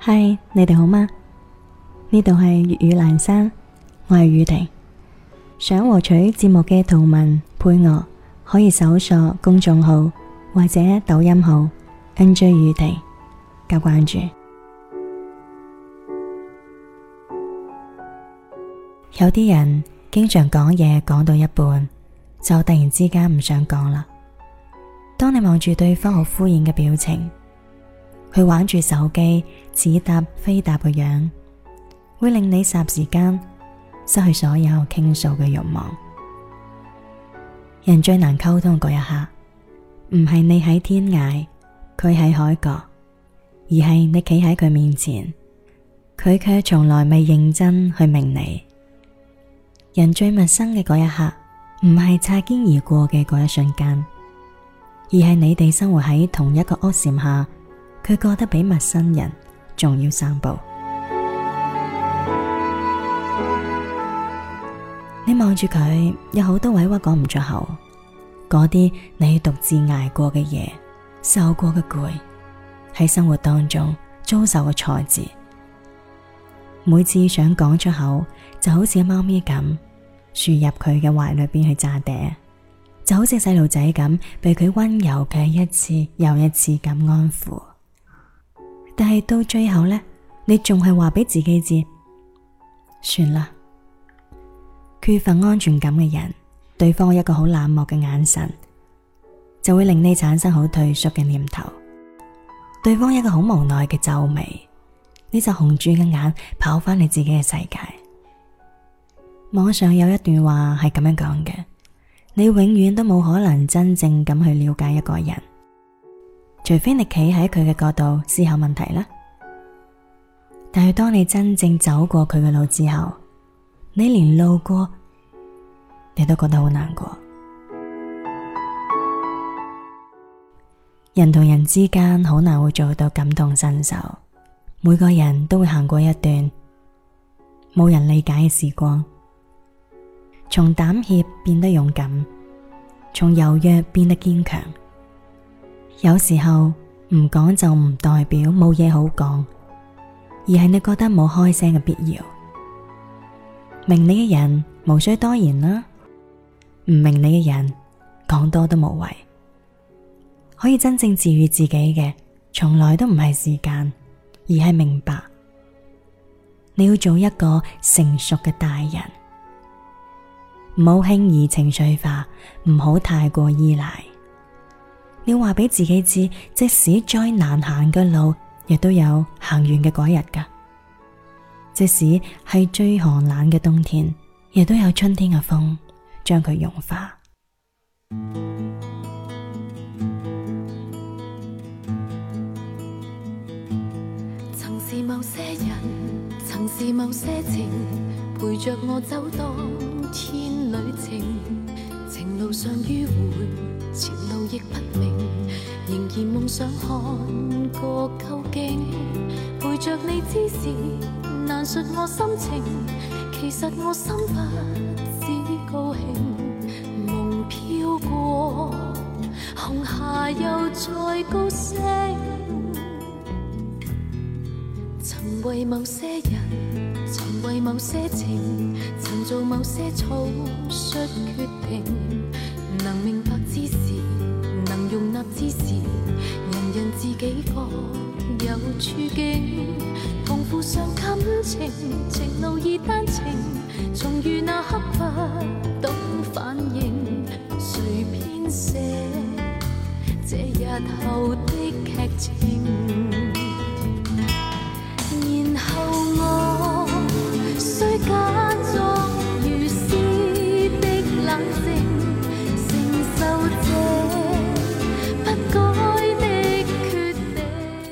嗨，Hi, 你哋好嗎？呢度係粵語闌珊，我係宇婷。想獲取節目嘅圖文配樂，可以搜索公眾號或者抖音號 NJ 宇婷加關注。 有啲人經常講嘢講到一半，就突然之間唔想講啦。當你望住對方好敷衍嘅表情，佢玩住手機，似答非答嘅樣，會令你霎時間失去所有傾訴嘅欲望。人最難溝通嗰一刻，唔係你喺天涯，佢喺海角，而係你企喺佢面前，佢卻從來未認真去明你。人最陌生嘅嗰一刻，唔係擦肩而過嘅嗰一瞬間，而係你哋生活喺同一個屋檐下。佢過得比陌生人仲要生分。你望住佢，有好多委屈講唔出口，嗰啲你獨自挨過嘅夜，受過嘅攰，喺生活當中遭受嘅挫折，每次想講出口，就好似貓咪咁，鑽入佢嘅懷裏邊去炸嗲，就好似細路仔咁，被佢温柔嘅一次又一次咁安撫。但係到最後呢，你仲係話俾自己知，算啦。缺乏安全感嘅人，對方一個好冷漠嘅眼神，就會令你產生好退縮嘅念頭；對方一個好無奈嘅皺眉，你就紅住個眼跑翻你自己嘅世界。網上有一段話係咁樣講嘅：你永遠都冇可能真正咁去了解一個人。除非你企喺佢嘅角度思考問題啦，但係當你真正走過佢嘅路之後，你連路過你都覺得好難過。人同人之間好難會做到感同身受，每個人都會行過一段冇人理解嘅時光，從膽怯變得勇敢，從柔弱變得堅強。有時候唔講，就唔代表冇嘢好講，而係你覺得冇開聲嘅必要。明你嘅人無需多言啦，唔明你嘅人講多都無謂。可以真正治癒自己嘅，從來都唔係時間，而係明白。你要做一個成熟嘅大人，唔好輕易情緒化，唔好太過依賴。你要話俾自己知，即使再難行嘅路，亦都有行完嘅嗰日㗎；即使係最寒冷嘅冬天，亦都有春天嘅風將佢融化。曾是某些人，曾是某些情，陪着我走到天旅程，情路上迂迴，亦不明，仍然夢想看個究竟。陪着你之時，難述我心情。其實我心不止高興，夢飄過，紅霞又再高升。曾為某些人，曾為某些情，曾做某些草率決定。能明白之時。同負上感情，情路已單程，重遇那刻不懂反應，誰編寫這日後的劇情？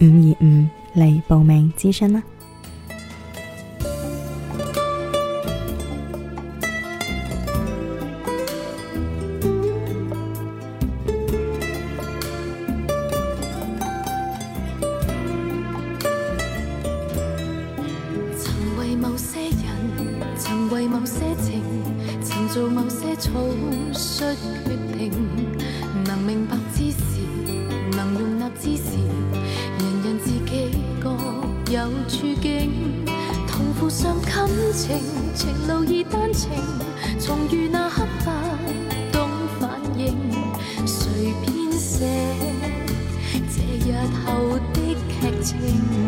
五二五嚟報名諮詢啦！曾為某些人，曾為某些情，曾做某些草率決定，能明白。處境同負上感情，情路易單情，重遇那刻不懂反應，誰編寫這日後的劇情？